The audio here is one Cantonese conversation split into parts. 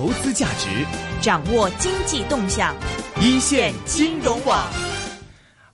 投資價值，掌握經濟動向，一線金融網。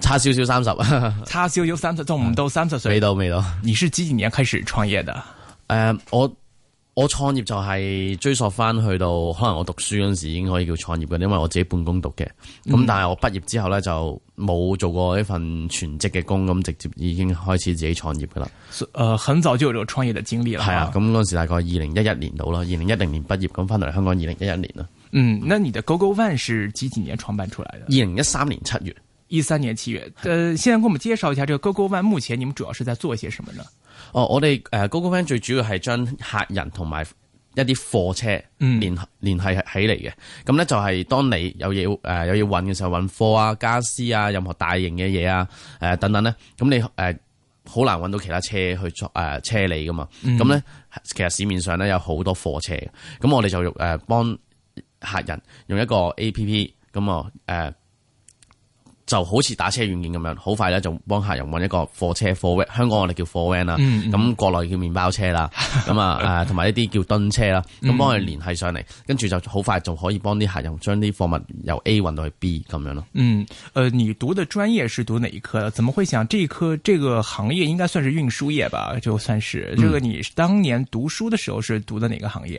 差少少三十，差少少三十，仲唔到三十歲，未到未到。到你是幾幾年開始創業的？誒、呃，我我創業就係追溯翻去到，可能我讀書嗰陣時候已經可以叫創業嘅，因為我自己半工讀嘅。咁、嗯、但係我畢業之後呢，就冇做過一份全職嘅工，咁直接已經開始自己創業噶啦。誒、呃，很早就有這個創業的經歷啦。係啊，咁嗰陣時大概二零一一年到啦，二零一零年畢業，咁翻到嚟香港二零一一年啦。嗯，那你的 GoGoVan 是幾幾年創辦出來的？二零一三年七月。一三年七月，呃，先跟我們介紹一下這個 GoGoVan，目前你們主要是在做一些什麼呢？哦，我哋誒 GoGoVan 最主要係將客人同埋一啲貨車連，嗯，聯繫起嚟嘅。咁呢就係當你有嘢誒有嘢運嘅時候，運貨啊、家私啊、任何大型嘅嘢啊，誒、呃、等等呢，咁你誒好、呃、難揾到其他車去作誒、呃、車你噶嘛。咁呢、嗯，那其實市面上呢有好多貨車，咁我哋就用誒幫客人用一個 APP，呃、咁啊，誒。就好似打車軟件咁樣，好快咧就幫客人揾一個貨車，香港我哋叫貨 van 啦，咁國內叫麵包車啦，咁啊誒同埋一啲叫噸車啦，咁幫佢聯繫上嚟，跟住、嗯、就好快就可以幫啲客人將啲貨物由 A 運到去 B 咁樣咯。嗯，誒、呃，你讀嘅專業是讀哪一科？怎麼會想這一科，這個行業應該算是運輸業吧？就算是，這個你當年讀書的時候是讀的哪個行業？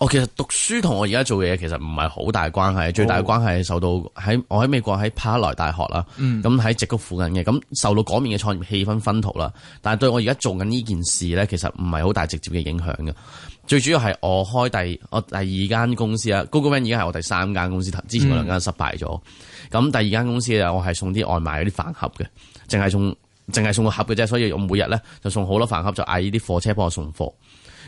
我其實讀書同我而家做嘢其實唔係好大關係，哦、最大嘅關係係受到喺我喺美國喺柏克萊大學啦，咁喺、嗯、直谷附近嘅，咁受到嗰面嘅創業氣氛薰陶啦。但係對我而家做緊呢件事咧，其實唔係好大直接嘅影響嘅。最主要係我開第我第二間公司啦、嗯、GoGoVan 已經係我第三間公司，之前我兩間失敗咗。咁、嗯、第二間公司啊，我係送啲外賣嗰啲飯盒嘅，淨係送淨係、嗯、送個盒嘅啫，所以我每日咧就送好多飯盒，就嗌呢啲貨車幫我送貨。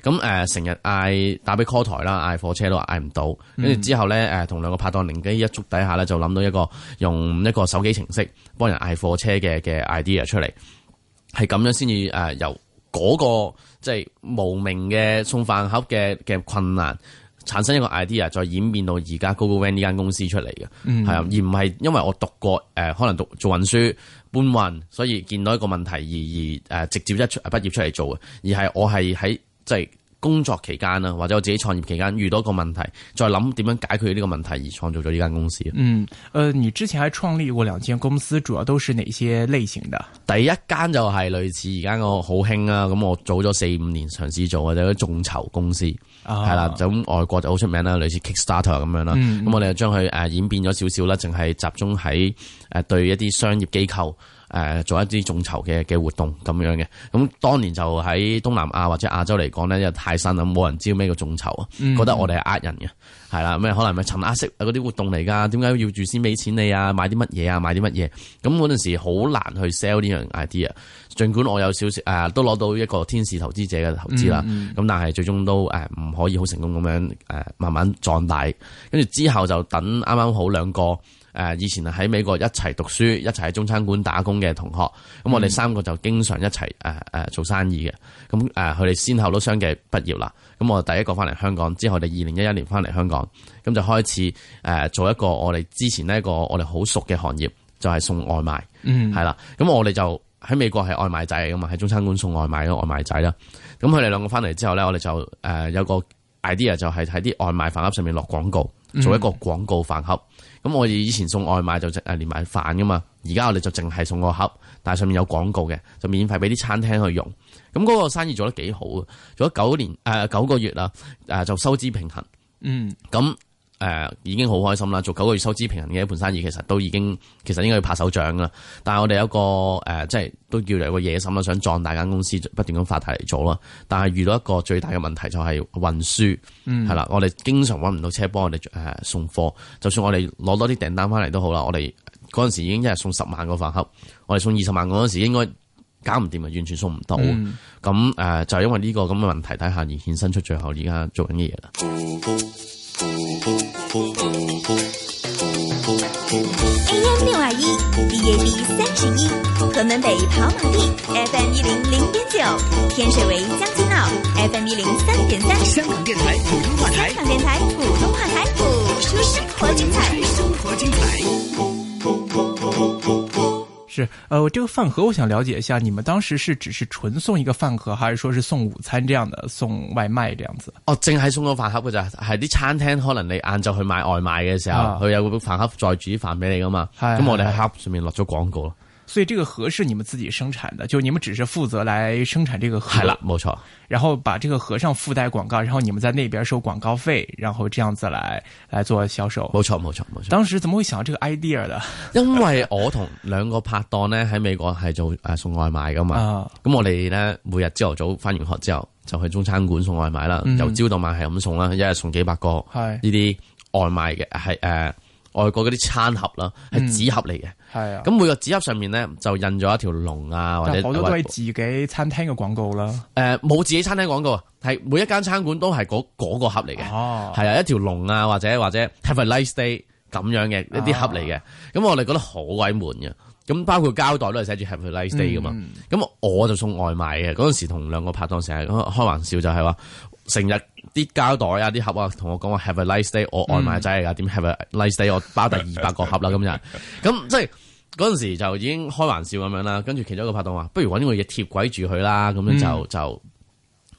咁誒，成日嗌打俾 call 台啦，嗌貨車都話嗌唔到，跟住之後咧誒，同兩個拍檔靈機一觸底下咧，就諗到一個用一個手機程式幫人嗌貨車嘅嘅 idea 出嚟，係咁樣先至誒由嗰、那個即係、就是、無名嘅送飯盒嘅嘅困難產生一個 idea，再演變到而家 gogovan 呢間公司出嚟嘅。係啊、嗯，而唔係因為我讀過誒，可能讀做運輸搬運，所以見到一個問題而而誒直接一出畢業出嚟做嘅，而係我係喺。即係工作期間啦，或者我自己創業期間遇到一個問題，再諗點樣解決呢個問題而創造咗呢間公司。嗯，誒、呃，你之前係創立過兩間公司，主要都是哪些類型的？第一間就係類似而家個好興啊，咁我早咗四五年嘗試做嘅，就係眾籌公司，係啦、啊，咁外國就好出名啦，類似 Kickstarter 咁樣啦，咁、嗯、我哋就將佢誒演變咗少少啦，淨係集中喺誒對一啲商業機構。誒，做一啲眾籌嘅嘅活動咁樣嘅，咁當年就喺東南亞或者亞洲嚟講呢，又太新啦，冇人知咩叫眾籌啊，嗯、覺得我哋係呃人嘅，係啦，咩可能咪尋壓叔嗰啲活動嚟噶？點解要住先俾錢你啊？買啲乜嘢啊？買啲乜嘢？咁嗰陣時好難去 sell 呢樣 idea，盡管我有少少誒、呃，都攞到一個天使投資者嘅投資啦，咁、嗯、但係最終都誒唔可以好成功咁樣誒慢慢壯大，跟住之後就等啱啱好兩個。誒，以前喺美國一齊讀書，一齊喺中餐館打工嘅同學，咁、嗯、我哋三個就經常一齊誒、呃、做生意嘅。咁、呃、誒，佢哋先後都相繼畢業啦。咁我第一個翻嚟香港，之後我哋二零一一年翻嚟香港，咁就開始誒做一個我哋之前呢一個我哋好熟嘅行業，就係、是、送外賣，係啦、嗯。咁我哋就喺美國係外賣仔嚟嘛，喺中餐館送外賣嘅外賣仔啦。咁佢哋兩個翻嚟之後咧，我哋就誒、呃、有個 idea 就係喺啲外賣飯盒上面落廣告，做一個廣告飯盒。嗯嗯。咁我哋以前送外賣就誒連埋飯噶嘛，而家我哋就淨係送個盒，但係上面有廣告嘅，就免費俾啲餐廳去用。咁嗰個生意做得幾好啊。做咗九年誒、呃、九個月啦，誒、呃、就收支平衡。嗯，咁。誒、呃、已經好開心啦！做九個月收支平衡嘅一盤生意，其實都已經其實應該要拍手掌啦。但係我哋有個個、呃、即係都叫做有個野心啦，想撞壯大間公司不斷咁發嚟做啦。但係遇到一個最大嘅問題就係運輸，係啦、嗯，我哋經常搵唔到車幫我哋、呃、送貨。就算我哋攞多啲訂單翻嚟都好啦，我哋嗰陣時已經一日送十萬個飯盒，我哋送二十萬嗰陣時應該搞唔掂啊，完全送唔到。咁誒、嗯呃、就因為呢個咁嘅問題底下而衍生出最後而家做緊嘅嘢啦。AM 六二一，DAB 三十一，屯門北跑馬地，FM 一零零點九，9, 天水圍將軍澳 FM 一零三點三，香港電台普通話台，香港電台普通話台，播、哦、出生活精彩，生活精彩。哦哦哦哦哦是，呃我這個飯盒我想了解一下，你們當時是只是純送一個飯盒，還是說是送午餐這樣的，送外賣這樣子？哦，淨係送個飯盒，咋係啲餐廳可能你晏晝去買外賣嘅時候，佢、哦、有個飯盒再煮啲飯俾你噶嘛，咁、哎、呀我哋喺盒上面落咗廣告咯。所以這個盒是你們自己生產的，就你們只是負責來生產這個盒，係啦，冇錯。然後把這個盒上附帶廣告，然後你們在那邊收廣告費，然後這樣子來來做銷售。冇錯冇錯冇錯。沒錯沒錯，當時怎麼會想到這個 idea 的？因為我同兩個拍檔呢喺 美國係做誒、呃、送外賣噶嘛，咁、啊、我哋咧，每日朝頭早返完學之後就去中餐館送外賣啦，嗯、哼由朝到晚係咁送啦，一日送幾百個係呢啲外賣嘅係誒。的外國嗰啲餐盒啦，係紙盒嚟嘅。係、嗯、啊。咁每個紙盒上面咧就印咗一條龍啊，或者我都係自己餐廳嘅廣告啦。誒、呃，冇自己餐廳廣告，係每一間餐館都係嗰嗰個盒嚟嘅，係啊，一條龍啊或者或者 have a nice day 咁樣嘅一啲盒嚟嘅。咁、啊、我哋覺得好鬼悶啊，咁包括膠袋都係寫住 have a nice day 噶嘛。咁、嗯、我就送外賣嘅嗰陣時，同兩個拍檔成日開開玩笑就係、是、話。成日啲膠袋啊、啲盒啊，同我講話 Have a nice day，嗯、我外賣仔嚟，噶，點 Have a nice day？我包第二百個盒啦，今日， 咁即係嗰陣時就已經開玩笑咁樣啦。跟住其中一個拍檔話：不如搵個嘢貼鬼住佢啦。咁、嗯、樣就就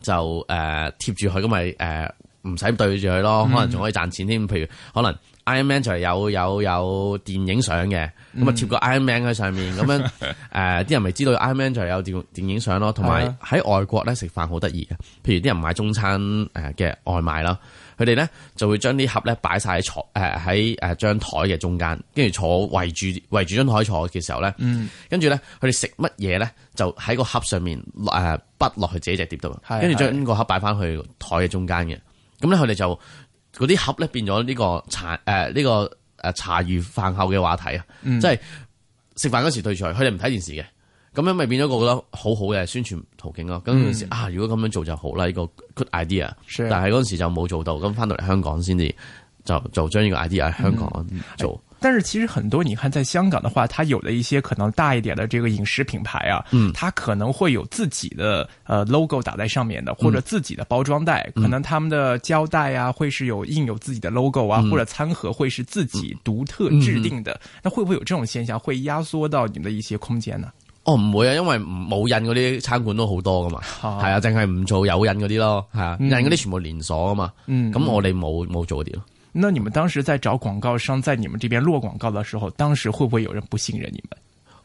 就誒貼住佢，咁咪誒唔使對住佢咯。可能仲可以賺錢添，嗯、譬如可能。Iron Man 就係有有有電影相嘅，咁啊貼個 Iron Man 喺上面，咁 樣誒，啲、呃、人咪知道 Iron Man 就有電電影相咯。同埋喺外國咧食飯好得意嘅，譬如啲人買中餐誒嘅外賣啦，佢哋咧就會將啲盒咧擺晒喺坐誒喺誒張台嘅中間，跟住坐圍住圍住張台坐嘅時候咧，跟住咧佢哋食乜嘢咧就喺個盒上面誒筆落去自己隻碟度，跟住將個盒擺翻去台嘅中間嘅，咁咧佢哋就。嗰啲盒咧變咗呢個茶誒呢個誒茶餘飯後嘅話題啊，即係食飯嗰時退出嚟，佢哋唔睇電視嘅，咁樣咪變咗個覺得好好嘅宣傳途徑咯。咁嗰陣時啊，如果咁樣做就好啦，呢個 good idea，的但係嗰陣時就冇做到，咁翻到嚟香港先至就就將呢個 idea 喺香港做。嗯。但是其實很多，你看在香港的話，它有的一些可能大一點的這個飲食品牌啊，嗯，它可能會有自己的呃 logo 打在上面的，或者自己的包裝袋，可能他們的膠帶啊，會是有印有自己的 logo 啊，或者餐盒會是自己獨特制定的。那會不會有這種現象，會壓縮到你們的一些空間呢？啊？哦，唔會啊，因為唔冇印嗰啲餐館都好多㗎嘛，係啊，啊，淨係唔做有印嗰啲咯，係啊，印嗰啲全部連鎖啊嘛，嗯，嗯那，咁我哋冇冇做嗰啲咯。那你們當時在找廣告商，在你們這邊落廣告的時候，當時會不會有人不信任你們？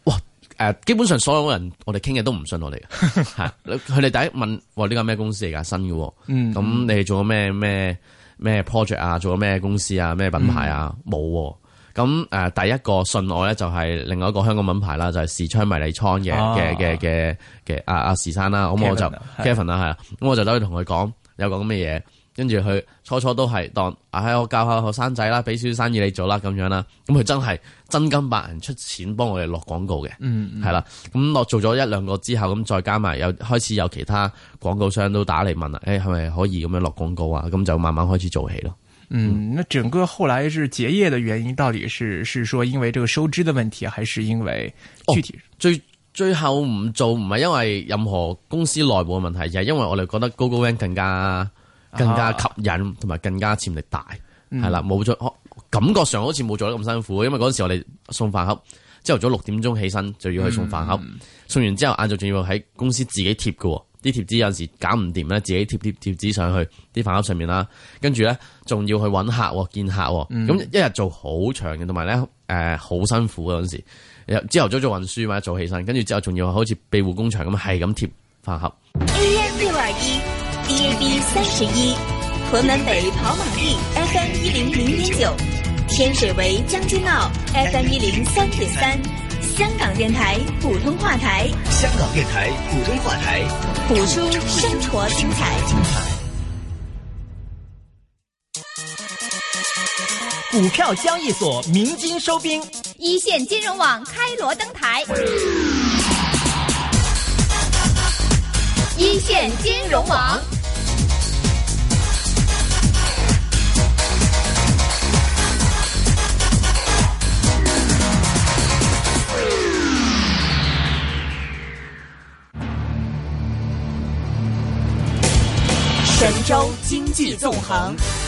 哇！誒，基本上所有人我哋傾嘅都唔信我哋，佢哋第一問，哇，呢間咩公司嚟㗎？新嘅。哦、咁、嗯、你做咗咩咩咩 project 啊？做咗咩公司啊？咩品牌啊？冇、嗯。咁誒、哦呃，第一個信我咧就係另外一個香港品牌啦，就係時昌迷你倉嘅嘅嘅嘅嘅，啊阿時山啦，咁我就 Kevin 啦係啊，咁我就走去同佢講有講咩嘢。跟住佢初初都係當啊，喺我教下學生仔啦，俾少少生意你做啦，咁樣啦。咁佢真係真金白銀出錢幫我哋落廣告嘅，嗯係啦。咁落做咗一兩個之後，咁再加埋又開始有其他廣告商都打嚟問啦。誒，係咪可以咁樣落廣告啊？咁就慢慢開始做起咯。嗯，那整個後來是結業的原因，到底是是說因為這個收支的問題，還是因為具體最最後唔做唔係因為任何公司內部嘅問題，就係因為我哋覺得 Go Go Van 更加。更加吸引，同埋更加潛力大，係啦、嗯，冇咗。感覺上好似冇做得咁辛苦，因為嗰陣時我哋送飯盒，朝頭早六點鐘起身就要去送飯盒，嗯、送完之後晏晝仲要喺公司自己貼嘅，啲貼紙有陣時搞唔掂咧，自己貼貼貼紙上去啲飯盒上面啦，跟住咧仲要去揾客見客，咁、嗯、一日做好長嘅，同埋咧誒好辛苦嗰陣時，朝頭早做運輸嘛，早,做早起身，跟住之後仲要好似庇護工場咁係咁貼飯盒。嗯嗯 DAB 三十一，31，屯門北跑馬地 FM 一零零點九，天水圍將軍澳 FM 一零三點三，香港電台普通話台，香港電台普通話台，捕捉生活精彩，精彩。股票交易所鳴金收兵，一線金融網開鑼登台，嗯、一線金融網。經濟縱橫。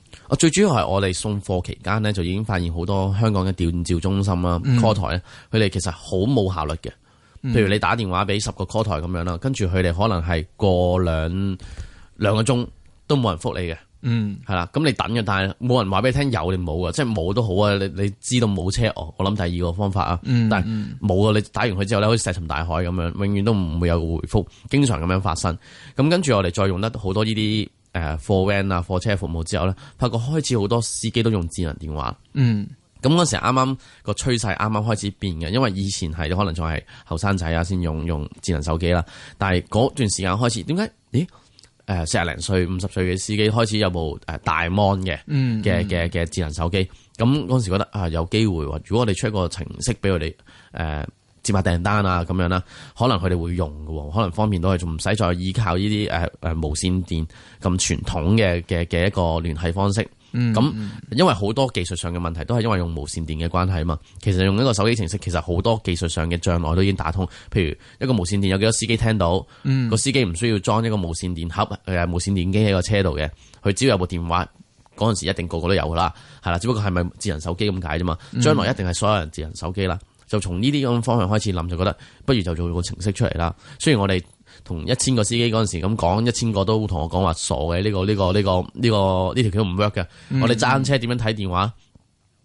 最主要係我哋送貨期間咧，就已經發現好多香港嘅電召中心啦、啊、call、嗯、台咧，佢哋其實好冇效率嘅。譬如你打電話俾十個 call 台咁樣啦，跟住佢哋可能係過兩兩個鐘都冇人覆你嘅，係啦、嗯。咁你等嘅，但係冇人話俾你聽有定冇㗎？即係冇都好啊。你你知道冇車我，我諗第二個方法啊。但係冇啊，你打完佢之後咧，好似石沉大海咁樣，永遠都唔會有回覆，經常咁樣發生。咁跟住我哋再用得好多呢啲。誒，貨運啊，貨車服務之後咧，發覺開始好多司機都用智能電話。嗯，咁嗰、嗯、時啱啱個趨勢啱啱開始變嘅，因為以前係可能仲係後生仔啊，先用用智能手機啦。但係嗰段時間開始，點解？咦，誒、呃，四廿零歲、五十歲嘅司機開始有部誒大 mon 嘅，嘅嘅嘅智能手機。咁、嗯、嗰、嗯、時覺得啊，有機會。如果我哋出一個程式俾佢哋，誒、呃。訂單啊，咁樣啦，可能佢哋會用嘅，可能方便都係，仲唔使再依靠呢啲誒誒無線電咁傳統嘅嘅嘅一個聯繫方式。咁、嗯、因為好多技術上嘅問題都係因為用無線電嘅關係啊嘛。其實用呢個手機程式，其實好多技術上嘅障礙都已經打通。譬如一個無線電有幾多司機聽到，個、嗯、司機唔需要裝一個無線電盒誒、呃、無線電機喺個車度嘅，佢只要有部電話，嗰陣時一定個個都有噶啦，係啦。只不過係咪智能手機咁解啫嘛？將來一定係所有人智能手機啦。嗯就從呢啲咁方向開始諗，就覺得不如就做一個程式出嚟啦。雖然我哋同一千個司機嗰陣時咁講，一千個都同我講話傻嘅，呢個呢個呢個呢個呢條橋唔 work 嘅。嗯、我哋揸緊車點樣睇電話？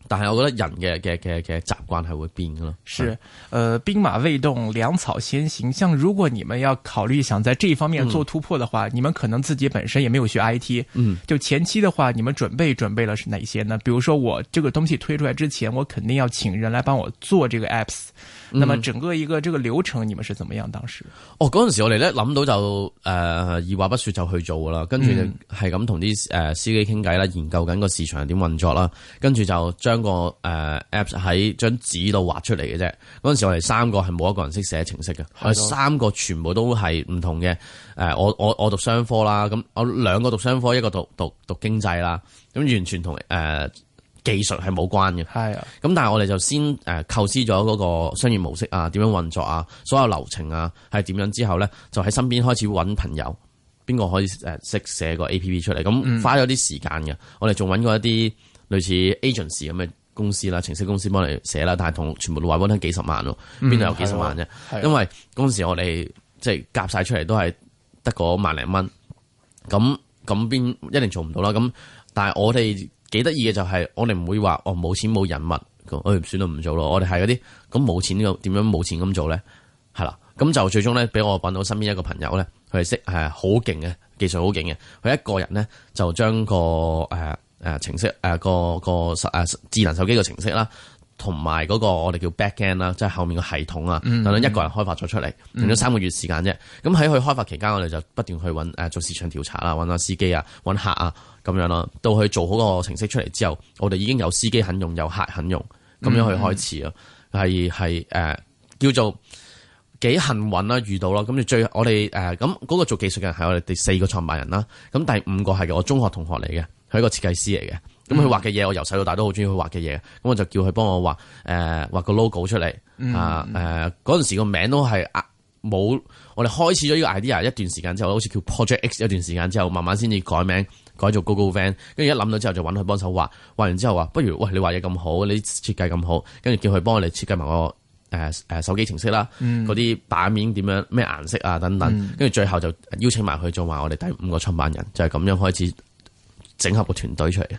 但係我覺得人嘅嘅嘅嘅習慣係會變咯。是，呃，兵馬未動，糧草先行。像如果你們要考慮想在這一方面做突破的話，嗯、你們可能自己本身也沒有學 I T。嗯。就前期的話，你們準備準備了是哪些呢？比如說我這個東西推出來之前，我肯定要請人來幫我做這個 apps。那麼整個一個這個流程，你們是怎麼樣當時？嗯、哦，嗰陣時我哋咧諗到就誒，呃、二話不說就去做噶啦，跟住就係咁同啲誒司機傾偈啦，嗯、研究緊個市場點運作啦，跟住就將個誒 app 喺張紙度畫出嚟嘅啫。嗰陣時我哋三個係冇一個人識寫程式嘅，嗯、三個全部都係唔同嘅。誒，我我我讀商科啦，咁我兩個讀商科，一個讀讀讀經濟啦，咁完全同誒。呃技術係冇關嘅，係啊的，咁但係我哋就先誒構思咗嗰個商業模式啊，點樣運作啊，所有流程啊係點樣之後咧，就喺身邊開始揾朋友，邊個可以誒識寫個 APP 出嚟？咁、嗯、花咗啲時間嘅，我哋仲揾過一啲類似 agency 咁嘅公司啦，程式公司幫你寫啦，但係同全部都話搵得幾十萬咯，邊度、嗯、有幾十萬啫？因為嗰陣時我哋即係夾曬出嚟都係得個萬零蚊，咁咁邊一定做唔到啦，咁但係我哋。幾得意嘅，就係我哋唔會話哦，冇錢冇人物，我哋算到唔做咯。我哋係嗰啲咁冇錢點樣冇錢咁做咧？係啦，咁就最終咧俾我搵到身邊一個朋友咧，佢係識誒好勁嘅技術，好勁嘅。佢一個人咧就將、那個誒誒、呃、程式誒、呃、個個誒智能手機嘅程式啦，同埋嗰個我哋叫 back end 啦，即係後面嘅系統啊，等等、嗯嗯、一個人開發咗出嚟，嗯嗯用咗三個月時間啫。咁喺佢開發期間，我哋就不斷去搵誒做市場調查啦，搵下司機啊，搵客啊。咁樣啦，到佢做好個程式出嚟之後，我哋已經有司機肯用，有客肯用，咁樣去開始啊，係係誒叫做幾幸運啦，遇到啦，咁就最後我哋誒咁嗰個做技術嘅人係我哋第四個創辦人啦。咁第五個係我中學同學嚟嘅，係一個設計師嚟嘅。咁佢、mm hmm. 畫嘅嘢，我由細到大都好中意佢畫嘅嘢。咁我就叫佢幫我畫誒，呃、畫個 logo 出嚟啊。誒嗰陣時個名都係冇我哋開始咗呢個 idea 一段時間之後，好似叫 project X 一段時間之後，慢慢先至改名，改做 GoGoVan，跟住一諗到之後就揾佢幫手畫，畫完之後話，不如喂，你畫嘢咁好，你設計咁好，跟住叫佢幫我哋設計埋個誒誒手機程式啦，嗰啲、嗯、版面點樣，咩顏色啊等等，跟住最後就邀請埋佢做埋我哋第五個創辦人，就係、是、咁樣開始整合個團隊出嚟嘅。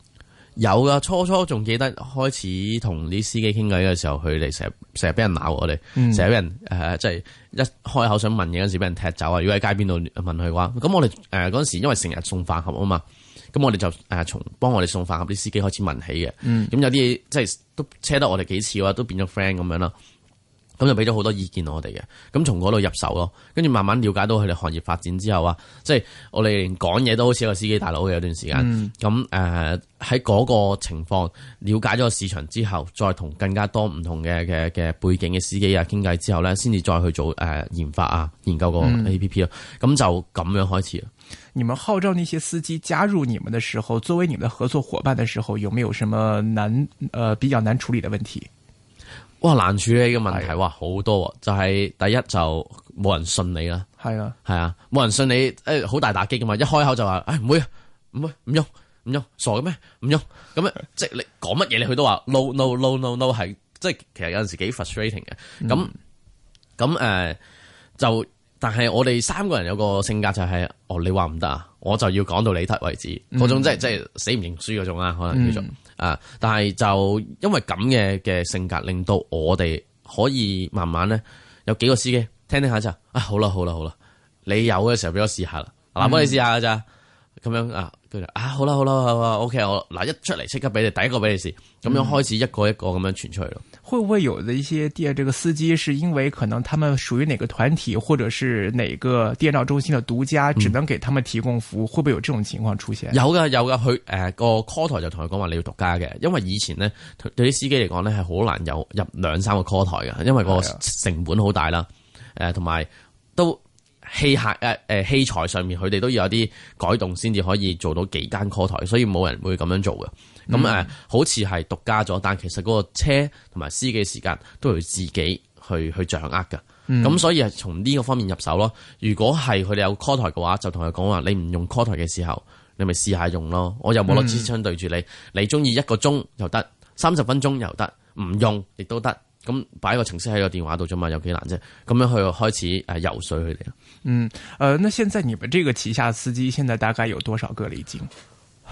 有㗎，初初仲記得開始同啲司機傾偈嘅時候，佢哋成成日俾人鬧我哋，成日俾人誒，即、呃、係一開口想問嘢嗰陣時俾人踢走啊！要喺街邊度問佢嘅話，咁我哋誒嗰陣時因為成日送飯盒啊嘛，咁我哋就誒從幫我哋送飯盒啲司機開始問起嘅，咁、嗯、有啲即係都車得我哋幾次啊都變咗 friend 咁樣啦。咁就俾咗好多意見我哋嘅，咁從嗰度入手咯，跟住慢慢了解到佢哋行業發展之後啊，即係我哋連講嘢都好似個司機大佬嘅有段時間。咁誒喺嗰個情況了解咗個市場之後，再同更加多唔同嘅嘅嘅背景嘅司機啊傾偈之後呢，先至再去做誒研發啊研究個 A P P 啊。咁就咁樣開始。你們號召那些司機加入你們的時候，作為你們的合作夥伴的時候，有沒有什麼難？呃、比較難處理的問題？哇，難處理嘅問題，的哇好多，啊，就係、是，第一就冇人信你啦，係啊係啊，冇人信你，誒好的、哎、大打擊噶嘛，一開口就話，唉、哎、唔會，唔會唔用唔用，傻嘅咩，唔用，咁樣即係你講乜嘢你佢都話 no no no no no，係、no, 即係其實有陣時幾 frustrating 嘅，咁咁誒就，但係我哋三個人有個性格就係、是，哦你話唔得啊，我就要講到你睇為止，嗰種即係即係死唔認輸嗰種啊，可能叫做。嗯啊！但係就因為咁嘅嘅性格，令到我哋可以慢慢咧，有幾個司機聽聽下咋啊？好啦好啦好啦，你有嘅時候俾我試下啦，嗱，幫你試下噶咋咁樣啊？佢就啊，啊，好啦好啦好啊，O K 我嗱一出嚟即刻俾你，第一個俾你試，咁樣開始一個一個咁樣傳出去咯。會不會有的一些電這個司機是因為可能他們屬於哪個團體，或者是哪個電召中心的獨家，只能給他們提供服務？會不會有這種情況出現？嗯、有噶有噶，佢誒個 call 台就同佢講話，你要獨家嘅，因為以前呢對於司機嚟講呢係好難有入兩三個 call 台噶，因為個成本好大啦，誒同埋都器械誒誒器材上面佢哋都要有啲改動先至可以做到幾間 call 台，所以冇人會咁樣做嘅。咁誒，嗯、好似係獨家咗，但其實嗰個車同埋司機時間都由自己去去掌握㗎。咁、嗯、所以係從呢個方面入手咯。如果係佢哋有 call 台嘅話，就同佢講話，你唔用 call 台嘅時候，你咪試下用咯。我又冇攞支槍對住你，嗯、你中意一個鐘又得，三十分鐘又得，唔用亦都得。咁擺個程式喺個電話度啫嘛，有幾難啫？咁樣去開始游說佢哋。嗯，誒、呃，那現在你們這個旗下司機現在大概有多少個了已經？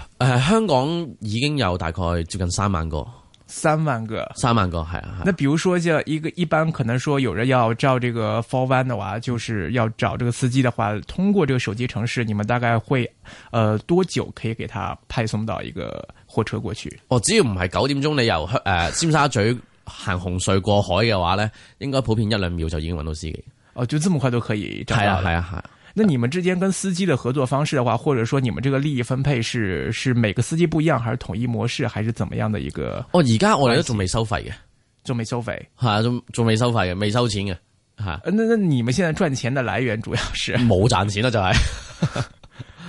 誒、呃，香港已經有大概接近三萬個，三萬個，三萬個，係啊。那比如說，就一個一般可能說有人要招這個 Four Van 的話，就是要找這個司機的話，通過這個手機程式，你們大概會，誒、呃，多久可以給他派送到一個貨車過去？哦，只要唔係九點鐘你由香誒尖沙咀行紅隧過海嘅話呢 應該普遍一兩秒就已經揾到司機。哦，就這麼快都可以？係啊，係啊，係、啊。那你們之間跟司機的合作方式的話，或者說你們這個利益分配是是每個司機不一樣，還是統一模式，還是怎麼樣的一個？哦，而家我哋都仲未收費嘅，仲未收費，係仲仲未收費嘅，未收錢嘅，係。那那你們現在賺錢的來源主要是冇賺錢啦、就是，就係。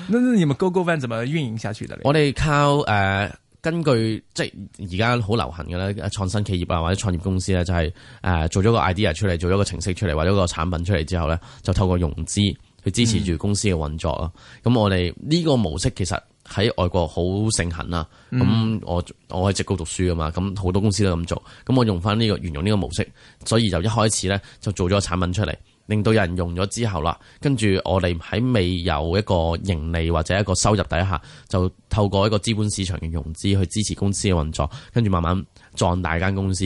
那那你們 GoGoVan 怎麼運營下去的？我哋靠誒、呃，根據即係而家好流行嘅咧，創新企業啊或者創業公司咧，就係誒做咗個 idea 出嚟，做咗個程式出嚟或者個產品出嚟之後咧，就透過融資。去支持住公司嘅運作咯。咁、嗯、我哋呢個模式其實喺外國好盛行啦。咁、嗯、我我喺直高讀書啊嘛。咁好多公司都咁做。咁我用翻、這、呢個沿用呢個模式，所以就一開始呢就做咗個產品出嚟，令到有人用咗之後啦。跟住我哋喺未有一個盈利或者一個收入底下，就透過一個資本市場嘅融資去支持公司嘅運作，跟住慢慢壯大間公司。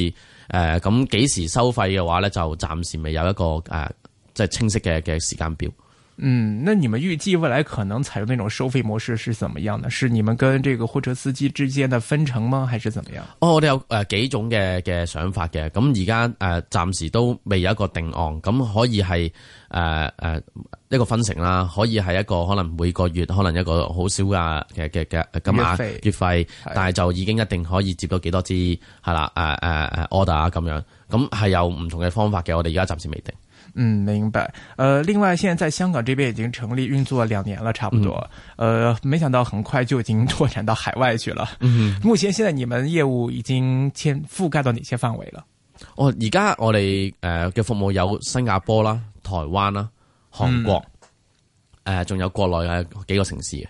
誒咁幾時收費嘅話呢，就暫時未有一個誒即係清晰嘅嘅時間表。嗯，那你們預計未來可能採用那種收費模式是怎麼樣呢？是你們跟這個貨車司機之間的分成嗎？還是怎麼樣？哦，我哋有誒、呃、幾種嘅嘅想法嘅，咁而家誒暫時都未有一個定案，咁可以係誒誒一個分成啦，可以係一個可能每個月可能一個好少噶嘅嘅嘅咁啊月費，月費但係就已經一定可以接到幾多支係啦，誒誒誒 order 咁、啊、樣，咁係有唔同嘅方法嘅，我哋而家暫時未定。嗯，明白。呃，另外，現在在香港這邊已經成立運作了兩年了，差不多。嗯、呃，沒想到很快就已經拓展到海外去了。嗯哼，目前現在你們業務已經簽覆蓋到哪些範圍了？哦，而家我哋誒嘅服務有新加坡啦、台灣啦、韓國，誒、嗯，仲有國內嘅幾個城市。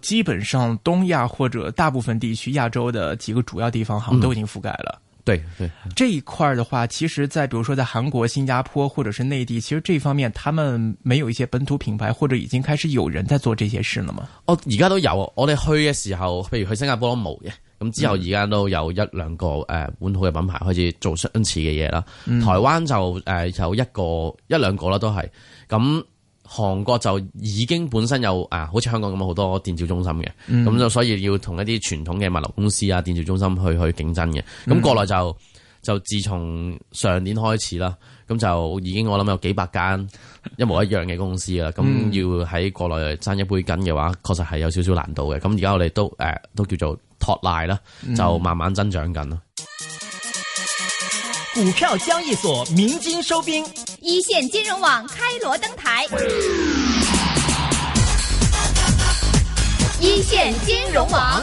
基本上東亞或者大部分地區亞洲的幾個主要地方，好像都已經覆蓋了。嗯。對對，對這一塊的話，其實在，在比如說在韓國、新加坡或者是內地，其實這方面他們沒有一些本土品牌，或者已經開始有人在做這些事了嘛。哦，而家都有，我哋去嘅時候，譬如去新加坡都冇嘅，咁之後而家都有一兩個誒本土嘅品牌開始做相似嘅嘢啦。嗯，台灣就誒有一個一兩個啦，都係咁。韓國就已經本身有啊，好似香港咁好多電召中心嘅。咁、嗯、就所以要同一啲傳統嘅物流公司啊、電召中心去去競爭嘅。咁、嗯、國內就就自從上年開始啦，咁就已經我諗有幾百間一模一樣嘅公司啦。咁、嗯、要喺國內爭一杯羹嘅話，確實係有少少難度嘅。咁而家我哋都誒、呃，都叫做托賴啦，嗯、就慢慢增長緊。股票交易所明金收兵。一線金融網開鑼登台，一線金融網。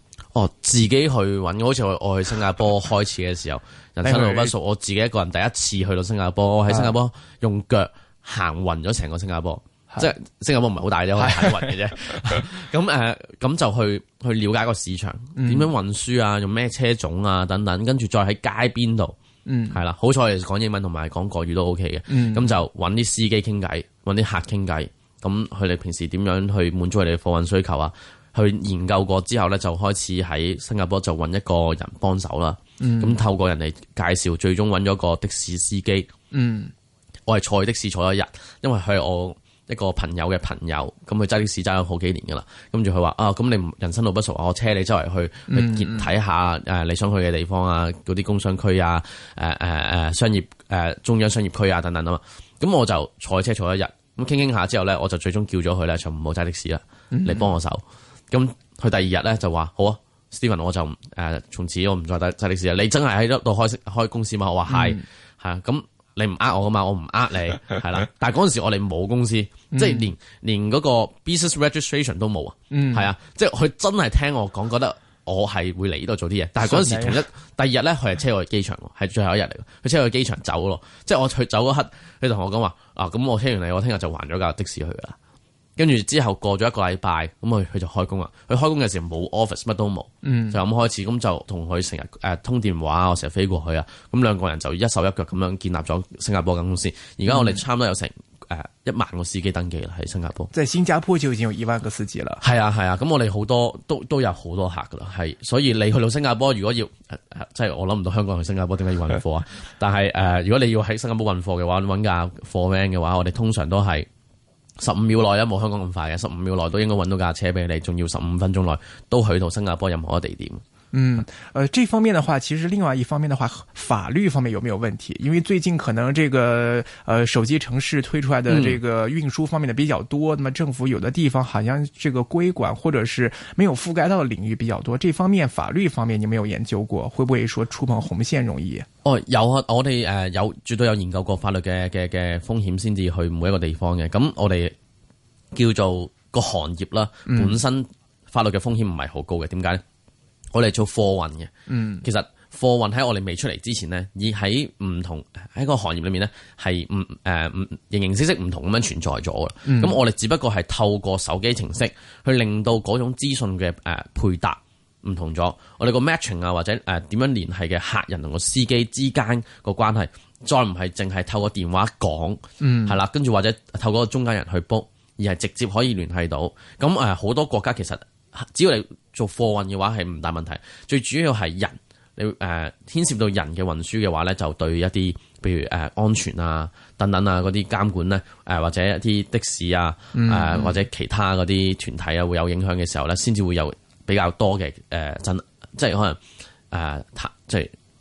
哦，自己去揾，好似我我去新加坡開始嘅時候， 人生路不熟，我自己一個人第一次去到新加坡，喺新加坡用腳行匀咗成個新加坡， 即係新加坡唔係好大啫，我行匀嘅啫。咁誒， 咁、啊、就去去了解個市場，點、嗯、樣運輸啊，用咩車種啊，等等，跟住再喺街邊度，嗯，係啦。好彩我哋講英文同埋講國語都 OK 嘅，咁、嗯、就揾啲司機傾偈，揾啲客傾偈，咁佢哋平時點樣去滿足佢哋嘅貨運需求啊？去研究過之後咧，就開始喺新加坡就揾一個人幫手啦。咁、嗯、透過人哋介紹，最終揾咗個的士司機。嗯、我係坐的士坐一日，因為佢係我一個朋友嘅朋友，咁佢揸的士揸咗好幾年噶啦。跟住佢話：啊，咁你人生路不熟，我車你周圍去嗯嗯去見睇下誒你想去嘅地方啊，嗰啲工商區啊，誒、啊、誒商業誒、啊、中央商業區啊等等啊嘛。咁我就坐車坐一日，咁傾傾下之後咧，我就最終叫咗佢咧，就唔好揸的士啦，你、嗯嗯、幫我手。咁佢第二日咧就話好啊，Steven，我就誒從、呃、此我唔再打揸的士，你真係喺度開開公司，嗯、嘛？我話係啊，咁你唔呃我噶嘛？我唔呃你係啦。但係嗰陣時我哋冇公司，嗯、即係連連嗰個 business registration 都冇啊。係啊、嗯，即係佢真係聽我講，覺得我係會嚟呢度做啲嘢。但係嗰陣時同一第二日咧，佢係車我去機場，係最後一日嚟，佢車我去機場走咯。即係我去走嗰刻，佢同我講話啊，咁我聽完你，我聽日就還咗架的士去噶啦。跟住之後過咗一個禮拜，咁佢佢就開工啦。佢開工嘅時候冇 office，乜都冇，嗯、就咁開始，咁就同佢成日誒通電話，我成日飛過去啊。咁兩個人就一手一腳咁樣建立咗新加坡間公司。而家我哋差唔多有成誒、嗯、一萬個司機登記啦，喺新加坡。即係新加坡就已經有一萬個司機啦。係啊係啊，咁、啊、我哋好多都都有好多客噶啦，係。所以你去到新加坡，如果要即係我諗唔到香港去新加坡點解要運貨啊？ 但係誒、呃，如果你要喺新加坡運貨嘅話，你揾架貨 van 嘅話，我哋通常都係。十五秒內啊，冇香港咁快嘅，十五秒內都應該揾到架車畀你，仲要十五分鐘內都去到新加坡任何一個地點。嗯，呃，這方面的話，其實另外一方面的話，法律方面有沒有問題？因為最近可能這個，呃，手機城市推出來的這個運輸方面的比較多，那麼，嗯、政府有的地方好像這個規管或者是沒有覆蓋到的領域比較多，這方面法律方面你沒有研究過，會不會說觸碰紅線容易？哦，有啊，我哋誒、呃、有絕對有研究過法律嘅嘅嘅風險先至去每一個地方嘅，咁我哋叫做個行業啦，嗯、本身法律嘅風險唔係好高嘅，點解呢？我哋做貨運嘅，其實貨運喺我哋未出嚟之前呢，而喺唔同喺個行業裏面呢，係唔誒唔形形色色唔同咁樣存在咗嘅。咁、嗯、我哋只不過係透過手機程式去令到嗰種資訊嘅誒、呃、配搭唔同咗。我哋個 matching 啊，或者誒點、呃、樣聯繫嘅客人同個司機之間個關係，再唔係淨係透過電話講，係、嗯、啦，跟住或者透過個中間人去 book，而係直接可以聯繫到。咁誒好多國家其實。只要你做貨運嘅話，係唔大問題。最主要係人，你誒、呃、牽涉到人嘅運輸嘅話咧，就對一啲，譬如誒、呃、安全啊、等等啊嗰啲監管咧、啊，誒、呃、或者一啲的士啊，誒、呃、或者其他嗰啲團體啊會有影響嘅時候咧，先至會有比較多嘅誒真，即係可能誒、呃，即係。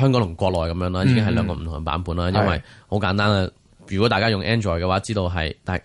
香港同國內咁樣啦，已經係兩個唔同嘅版本啦。嗯嗯，因為好簡單啊，如果大家用 Android 嘅話，知道係大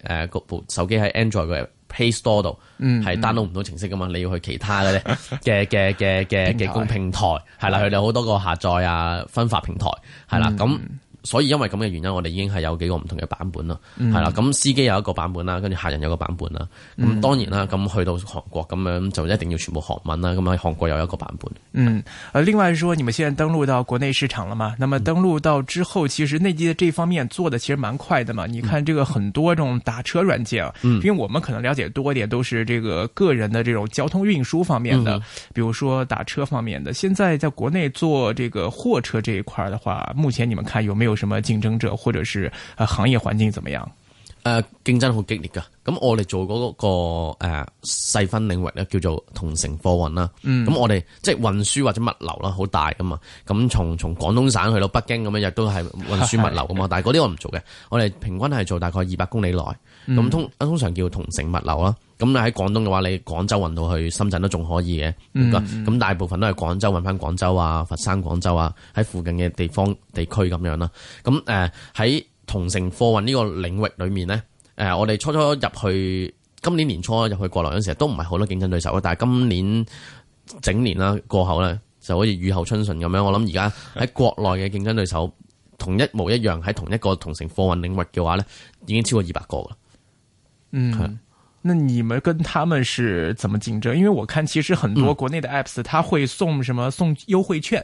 部手機喺 Android 嘅 Play Store 度係 download 唔到程式㗎嘛，嗯嗯，你要去其他嘅嘅嘅嘅嘅公平台係啦，佢哋有好多個下載啊，分發平台係啦咁。所以因為咁嘅原因，我哋已經係有幾個唔同嘅版本了、嗯、啦，係啦，咁司機有一個版本啦，跟住客人有一個版本啦，咁、嗯、當然啦，咁去到韓國，咁樣就一定要全部韓文啦，咁喺韓國有一個版本。嗯，另外說你們現在登錄到國內市場了嘛？那麼登錄到之後，嗯、其實內地的這方面做的其實蠻快的嘛。你看這個很多這種打車軟件，嗯，因為我們可能了解多一點都是這個個人的這種交通運輸方面的，嗯、比如說打車方面的。現在在國內做這個貨車這一塊的話，目前你們看有沒有？什麼競爭者，或者是誒行業環境怎麼樣？誒、啊，競爭好激烈噶。咁我哋做嗰、那個誒細、啊、分領域咧，叫做同城貨運啦。嗯，咁我哋即係運輸或者物流啦，好大噶嘛。咁從從廣東省去到北京咁樣，亦都係運輸物流噶嘛。 但係嗰啲我唔做嘅， 我哋平均係做大概二百公里內。咁通通常叫同城物流啦。咁你喺廣東嘅話，你廣州運到去深圳都仲可以嘅。咁、嗯、大部分都係廣州運翻廣州啊、佛山廣州啊，喺附近嘅地方地區咁樣啦。咁誒，喺、呃、同城貨運呢個領域裏面咧，誒、呃，我哋初初入去今年年初入去國內嗰陣時，都唔係好多競爭對手。但係今年整年啦過後咧，就好似雨後春筍咁樣。我諗而家喺國內嘅競爭對手同一模一樣，喺同一個同城貨運領域嘅話咧，已經超過二百個。嗯，那你們跟他們是怎麼競爭？因為我看其實很多國內的 apps，他會送什麼送優惠券。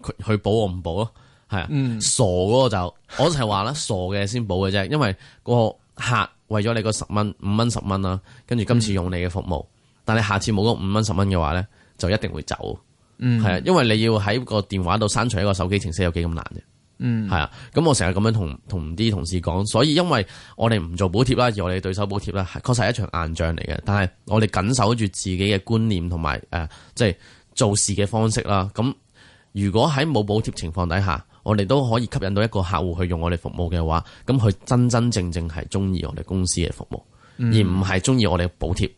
佢去補我唔補咯，係啊，嗯、傻嗰個就我就係話啦，傻嘅先補嘅啫，因為個客為咗你個十蚊五蚊十蚊啦，跟住今次用你嘅服務，嗯、但係下次冇嗰五蚊十蚊嘅話咧，就一定會走，係、嗯、啊，因為你要喺個電話度刪除一個手機程式有幾咁難啫，係、嗯、啊，咁我成日咁樣同同啲同事講，所以因為我哋唔做補貼啦，而我哋對手補貼啦，確實係一場硬仗嚟嘅。但係我哋緊守住自己嘅觀念同埋誒，即、呃、係、就是、做事嘅方式啦，咁、嗯。如果喺冇補貼情況底下，我哋都可以吸引到一個客戶去用我哋服務嘅話，咁佢真真正正係中意我哋公司嘅服務，嗯、而唔係中意我哋嘅補貼，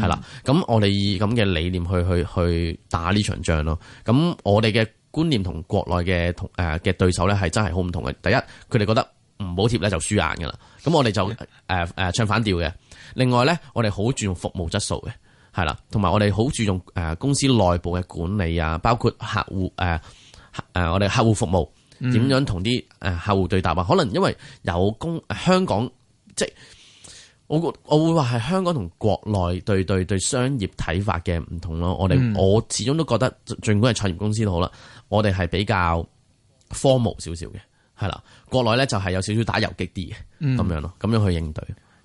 係啦、嗯。咁我哋以咁嘅理念去去去打呢場仗咯。咁我哋嘅觀念同國內嘅同誒嘅對手咧係真係好唔同嘅。第一，佢哋覺得唔補貼咧就輸硬㗎啦。咁我哋就誒唱反調嘅。另外咧，我哋好注重服務質素嘅。係啦，同埋我哋好注重誒公司內部嘅管理啊，包括客戶誒誒我哋客戶服務點樣同啲誒客戶對答啊。嗯、可能因為有公香港即係我我會話係香港同國內對對對商業睇法嘅唔同咯。我哋、嗯、我始終都覺得，盡管係創業公司都好啦，我哋係比較 formal 少少嘅，係啦，國內咧就係有少少打游擊啲嘅咁樣咯，咁、嗯、樣去應對。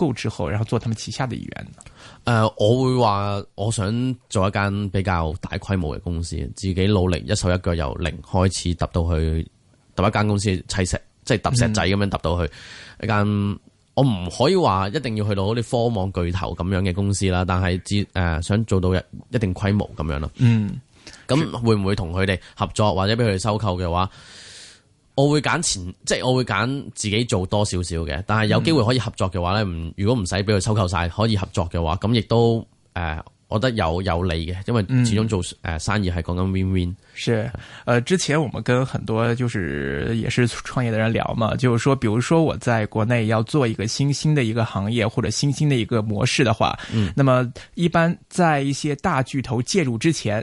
夠之後，然後做他們旗下的一員。誒、呃，我會話我想做一間比較大規模嘅公司，自己努力一手一腳由零開始，揼到去揼一間公司砌石，即係揼石仔咁樣揼到去，嗯、一間。我唔可以話一定要去到嗰啲科網巨頭咁樣嘅公司啦，但係至誒想做到一一定規模咁樣咯。嗯，咁會唔會同佢哋合作，或者俾佢哋收購嘅話？我會揀前，即係我會揀自己做多少少嘅，但係有機會可以合作嘅話呢，唔、嗯、如果唔使俾佢收購晒，可以合作嘅話，咁亦都誒、呃，我覺得有有利嘅，因為始終做誒、嗯呃、生意係講緊 win win。Win 是，誒、呃、之前我們跟很多就是也是創業的人聊嘛，就是說，比如說我在國內要做一個新興的一個行業或者新興的一個模式的話，嗯，那麼一般在一些大巨頭介入之前。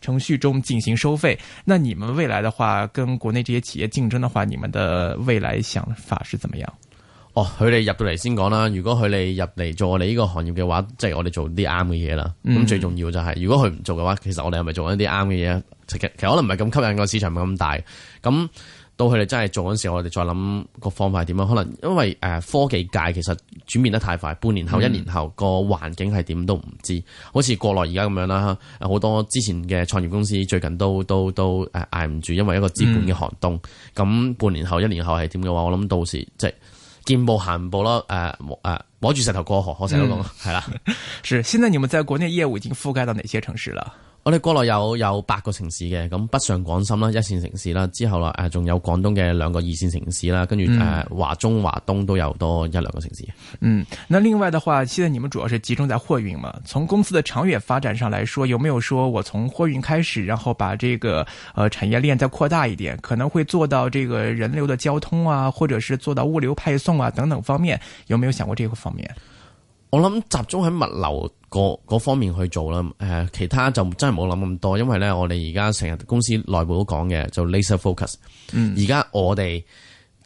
程序中進行收費，那你們未來的話，跟國內這些企業競爭的話，你們的未來想法是怎麼樣？哦，佢哋入到嚟先講啦。如果佢哋入嚟做我哋呢個行業嘅話，即係我哋做啲啱嘅嘢啦。咁、嗯、最重要就係，如果佢唔做嘅話，其實我哋係咪做一啲啱嘅嘢？其實可能唔係咁吸引個市場，冇咁大咁。到佢哋真係做嗰陣時，我哋再諗個方法係點樣。可能因為誒、呃、科技界其實轉變得太快，半年後、嗯、一年後個環境係點都唔知。好似國內而家咁樣啦，好多之前嘅創業公司最近都都都誒捱唔住，因為一個資本嘅寒冬。咁、嗯、半年後、一年後係點嘅話，我諗到時即係、就是、見步行步啦。誒、呃、誒，摸住、啊、石頭過河，我成日都講係啦。是，現在你們在國內業務已經覆蓋到哪些城市了？我哋國內有有八個城市嘅，咁北上廣深啦，一線城市啦，之後啦，誒，仲有廣東嘅兩個二線城市啦，跟住誒，華中、華東都有多一兩個城市。嗯，那另外的話，現在你們主要是集中在貨運嘛？從公司的長遠發展上來說，有沒有說我從貨運開始，然後把這個，呃，產業鏈再擴大一點，可能會做到這個人流的交通啊，或者是做到物流配送啊等等方面，有沒有想過這個方面？我諗集中喺物流個嗰方面去做啦，誒，其他就真係冇諗咁多，因為咧我哋而家成日公司內部都講嘅，就 laser focus。嗯，而家我哋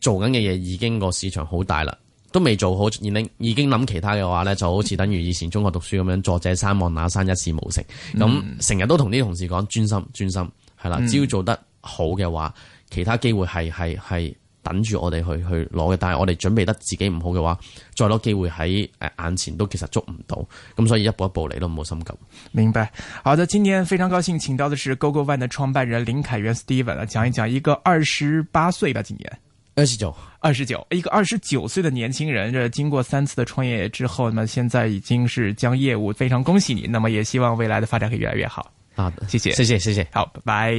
做緊嘅嘢已經個市場好大啦，都未做好，已經已經諗其他嘅話咧，就好似等於以前中學讀書咁樣，坐這山望那山，一事無成。咁成日都同啲同事講專心，專心係啦，只要做得好嘅話，其他機會係係係。等住我哋去去攞嘅，但係我哋準備得自己唔好嘅話，再攞機會喺眼前都其實捉唔到，咁所以一步一步嚟都唔好心急。明白，好的，今年非常高興請到的是 GoGoVan 的創辦人林凱源 Steven 講一講，一個二十八歲吧，今年二十九，二十九，一個二十九歲的年輕人，經過三次的創業之後，那現在已經是將業務非常恭喜你，那麼也希望未來的發展可以越來越好。好、啊、謝，謝，謝謝，謝謝，好，拜拜。